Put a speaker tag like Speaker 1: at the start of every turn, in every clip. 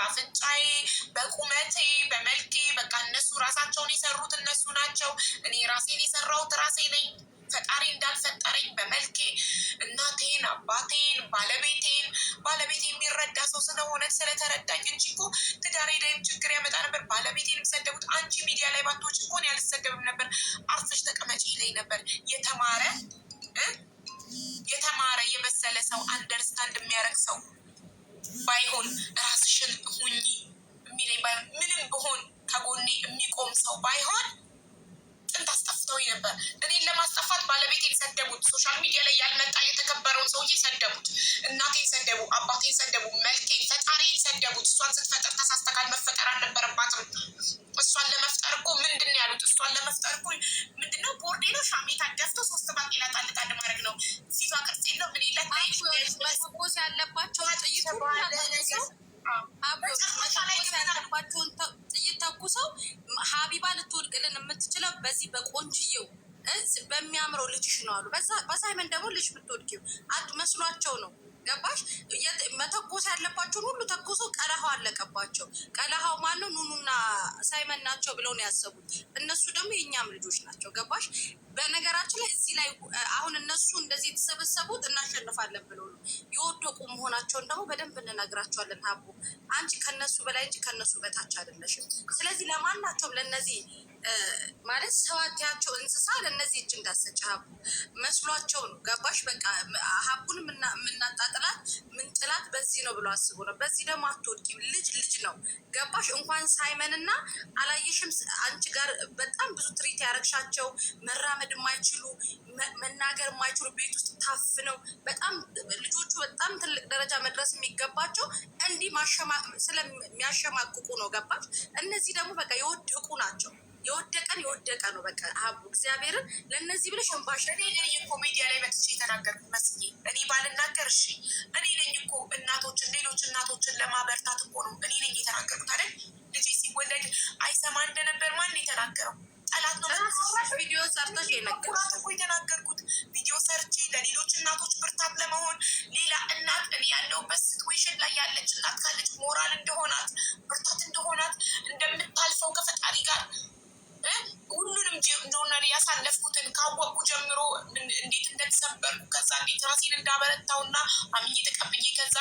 Speaker 1: በአፍንጫዬ፣ በቁመቴ፣ በመልኬ በቃ እነሱ ራሳቸውን የሰሩት እነሱ ናቸው። እኔ ራሴን የሰራሁት ራሴ ነኝ። ፈጣሪ እንዳልፈጠረኝ በመልኬ እናቴን፣ አባቴን፣ ባለቤቴን ባለቤት የሚረዳ ሰው ስለሆነ ስለተረዳኝ እንጂ እኮ ትዳሬ ላይም ችግር ያመጣ ነበር። ባለቤቴን የሚሰደቡት አንቺ ሚዲያ ላይ ባቶች እኮን ያልሰደብም ነበር። አርፈሽ ተቀመጪ ላይ ነበር የተማረ የተማረ የመሰለ ሰው አንደርስታንድ የሚያደርግ ሰው ባይሆን ራስሽን ሁኚ የሚለኝ ምንም ብሆን ከጎኔ የሚቆም ሰው ባይሆን ጥንት አስጠፍተውኝ ነበር። እኔን ለማስጠፋት ባለቤቴን ሰደቡት። ሶሻል ሚዲያ ላይ ያልመጣ የተከበረውን ሰውዬ ሰደቡት። እናቴን ሰደቡ፣ አባቴን ሰደቡ፣ መልኬን፣ ፈጣሪን ሰደቡት። እሷን ስትፈጥር ተሳስተካል፣ መፈጠር አልነበረባትም። እሷን ለመፍጠር እኮ ምንድን ነው ያሉት? እሷን ለመፍጠር እኮ ምንድን ነው ቦርዴ ነው ሻሜታ ደፍቶ ሶስት ባቄላ ጣልቃል ማድረግ ነው። ፊቷ ቅርጽ የለው ምን ይለት
Speaker 2: ያለባቸው ባቸውን ጥይት ተኩሰው ሀቢባ ልትወድቅልን የምትችለው በዚህ በቆንጅየው እዝ በሚያምረው ልጅሽ ነው አሉ። በሳይመን ደግሞ ልጅ ብትወድቂው መስሏቸው ነው። ገባሽ? መተኮስ ያለባቸውን ሁሉ ተኮሶ ቀለሃው አለቀባቸው። ቀለሃው ማነው? ኑኑና ሳይመን ናቸው ብለው ነው ያሰቡት። እነሱ ደግሞ እኛም ልጆች ናቸው። ገባሽ? በነገራችን ላይ እዚህ ላይ አሁን እነሱ እንደዚህ የተሰበሰቡት እናሸንፋለን ብሎ የወደቁ መሆናቸውን ደግሞ በደንብ እንነግራቸዋለን። ሀቡ አንቺ ከነሱ በላይ እንጂ ከነሱ በታች አይደለሽም። ስለዚህ ለማናቸውም ለነዚህ ማለት ሰዋቲያቸው እንስሳ ለእነዚህ እጅ እንዳሰጭ ሀቡ መስሏቸው ነው። ገባሽ? በቃ ሀቡን የምናጣጥላት ምንጥላት በዚህ ነው ብሎ አስቦ ነው። በዚህ ደግሞ አትወድቂ፣ ልጅ ልጅ ነው። ገባሽ? እንኳን ሳይመንና አላየሽም አንቺ ጋር በጣም ብዙ ትሪ ትሪት ያረግሻቸው መራመድ የማይችሉ መናገር የማይችሉ ቤት ውስጥ ታፍነው በጣም ልጆቹ በጣም ትልቅ ደረጃ መድረስ የሚገባቸው እንዲህ ስለሚያሸማቅቁ ነው። ገባች? እነዚህ ደግሞ በቃ የወደቁ ናቸው። የወደቀን የወደቀ ነው። በቃ አቡ እግዚአብሔርን ለእነዚህ ብለሽ ንባሽ
Speaker 1: እኔ ነኝ እኮ ሚዲያ ላይ መጥቼ የተናገርኩት መስዬ እኔ ባልናገር እሺ፣ እኔ ነኝ እኮ እናቶችን ሌሎች እናቶችን ለማበርታት እኮ ነው እኔ ነኝ የተናገርኩት አይደል? ልጄ ሲወለድ አይሰማ እንደነበር ማን የተናገረው?
Speaker 2: ቪዲዮ ሰርተሽ
Speaker 1: የነገርኩት የተናገርኩት ቪዲዮ ሰርቼ ለሌሎች እናቶች ብርታት ለመሆን ሌላ እናት እኔ ያለሁበት ሲትዌሽን ላይ ያለች እናት ካለ እንደበረታውና አምኜ ተቀብዬ ከዛ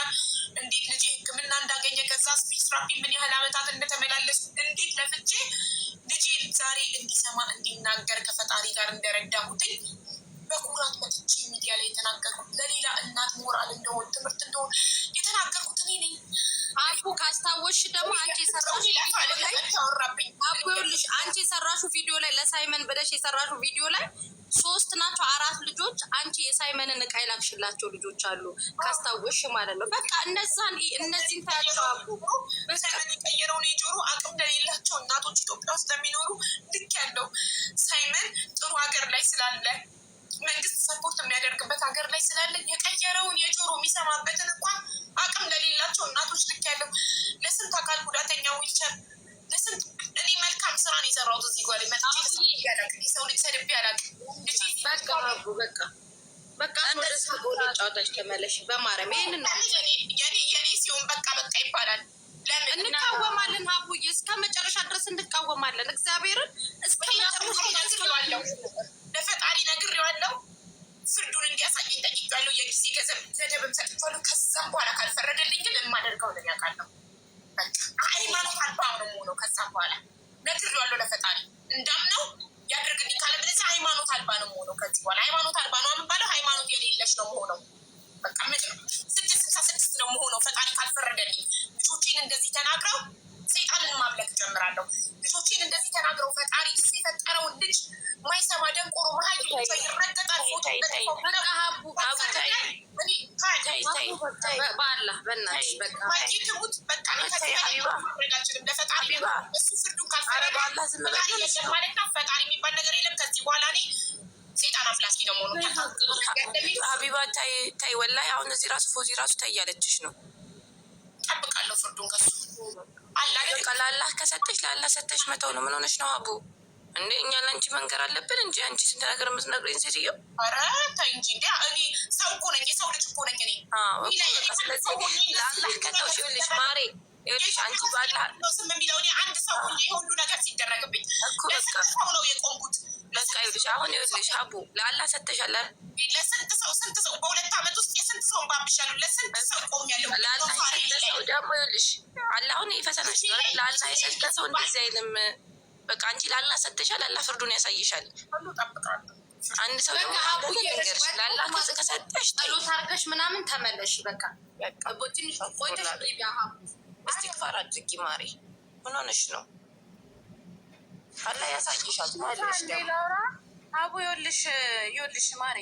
Speaker 1: እንዴት ልጅ ህክምና እንዳገኘ ከዛ ስፒች ትራፒ ምን ያህል ዓመታት እንደተመላለስ እንዴት ለፍቼ ልጅ ዛሬ እንዲሰማ እንዲናገር ከፈጣሪ ጋር እንደረዳሁትኝ በኩራት መጥቼ ሚዲያ ላይ የተናገርኩት ለሌላ እናት ሞራል እንደሆን ትምህርት እንደሆን የተናገርኩት እኔ ነኝ።
Speaker 2: አቡ ካስታወሽ ደግሞ አንቺ የሰራሽ
Speaker 1: ቪዲዮ ላይ
Speaker 2: አንቺ የሰራሹ ቪዲዮ ላይ ለሳይመን ብለሽ የሰራሹ ቪዲዮ ላይ ሶስት ናቸው አራት ልጆች አንቺ የሳይመንን እቃ የላክሽላቸው ልጆች አሉ ካስታወሽ ማለት ነው። በቃ እነዛን እነዚህን ታያቸው አቡ በቃ በቃ እንደዛ ጎል ጨዋታች ተመለሽ። በማርያም ይህንን ነው
Speaker 1: የኔ ሲሆን በቃ በቃ ይባላል።
Speaker 2: እንቃወማለን? አቡዬ እስከ መጨረሻ ድረስ እንቃወማለን። እግዚአብሔርን
Speaker 1: እስከ መጨረሻ ለፈጣሪ ነግሬዋለሁ። ፍርዱን እንዲያሳየኝ ጠይቄዋለሁ። የጊዜ ገንዘብ ዘደብም ሰጥቼዋለሁ። ከዛም በኋላ ካልፈረደልኝ ግን የማደርገው ልን ሃይማኖት አልባ ነው ከዛም በኋላ ከዚህ በኋላ ሃይማኖት አልባ ነው የምባለው። ሃይማኖት የሌለች ነው መሆነው። በቃ ምንም ስድስት ስልሳ ስድስት ነው መሆነው። ፈጣሪ ካልፈረደልኝ ልጆቼን እንደዚህ ተናግረው ሰይጣንን ማምለክ ጀምራለሁ። ልጆቼን እንደዚህ ተናግረው ፈጣሪ የፈጠረውን ልጅ ማይሰማ ደንቆሮ መሀይ ይረገጣል። ፈጣሪ የሚባል ነገር የለም ከዚህ በኋላ እኔ ሴጣን አፍላስኪ ደግሞ
Speaker 2: ነው። ሀቢባ ታይ ወላይ አሁን እዚህ ራሱ ፎዚ ራሱ ታይ ያለችሽ ነው።
Speaker 1: ጠብቃለሁ ፍርዱን ከሱ
Speaker 2: ለአላህ ከሰጠሽ ለአላህ ሰጠሽ መተው ነው። ምን ሆነሽ ነው አቡ እንደ እኛ ለአንቺ መንገር አለብን እንጂ አንቺ ስንት ነገር የምትነግረኝ ሴትዮ።
Speaker 1: ኧረ ተይ እንጂ እንዴ! እኔ ሰው እኮ ነኝ፣ የሰው ልጅ እኮ ነኝ እኔ።
Speaker 2: ለአላህ ከተውሽ ይኸውልሽ ማሬ ይኸውልሽ አንቺ ባላ
Speaker 1: ስም የሚለው እኔ አንድ ሰው ሁሉ የሁሉ ነገር ሲደረግብኝ ሰው ነው የቆምኩት።
Speaker 2: በቃ ይኸውልሽ አሁን ይኸውልሽ ሀቡ ለአላህ ሰተሻለ
Speaker 1: ለስንት ሰው ስንት ሰው በሁለት ዓመት ውስጥ የስንት ሰውን ባብሻሉ ለስንት ሰው ቆም ያለው
Speaker 2: ለሰው ደግሞ ይኸውልሽ አላሁን ይፈሰናሽ ለአላህ የሰጠ ሰው እንደዚህ አይልም። በቃ አንቺ ለአላህ ሰተሻል፣ አላህ ፍርዱን ያሳይሻል። አንድ ሰው ነገርሽ ላላ ከሰጠሽ
Speaker 1: ጸሎት አድርገሽ ምናምን ተመለሽ። በቃ ትንሽ ቆይተሽ ሀቡ እስትግፋር አድርጊ ማሬ። ምን ሆነሽ ነው? አላ ያሳይሻል።
Speaker 2: አቡ ይኸውልሽ፣ ይኸውልሽ ማሬ፣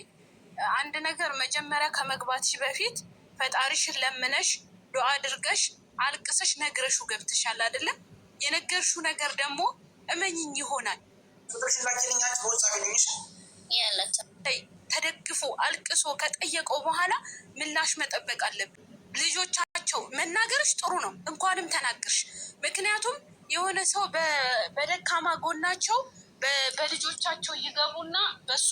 Speaker 2: አንድ ነገር መጀመሪያ ከመግባትሽ በፊት ፈጣሪሽን ለምነሽ ዱዓ አድርገሽ አልቅሰሽ ነግረሹ ገብትሻል አይደለም? የነገርሹ ነገር ደግሞ እመኝኝ ይሆናል ተደግፎ አልቅሶ ከጠየቀው በኋላ ምላሽ መጠበቅ አለብን። ልጆቻቸው መናገርሽ ጥሩ ነው፣ እንኳንም ተናገርሽ። ምክንያቱም የሆነ ሰው በደካማ ጎናቸው በልጆቻቸው ይገቡና በእሷ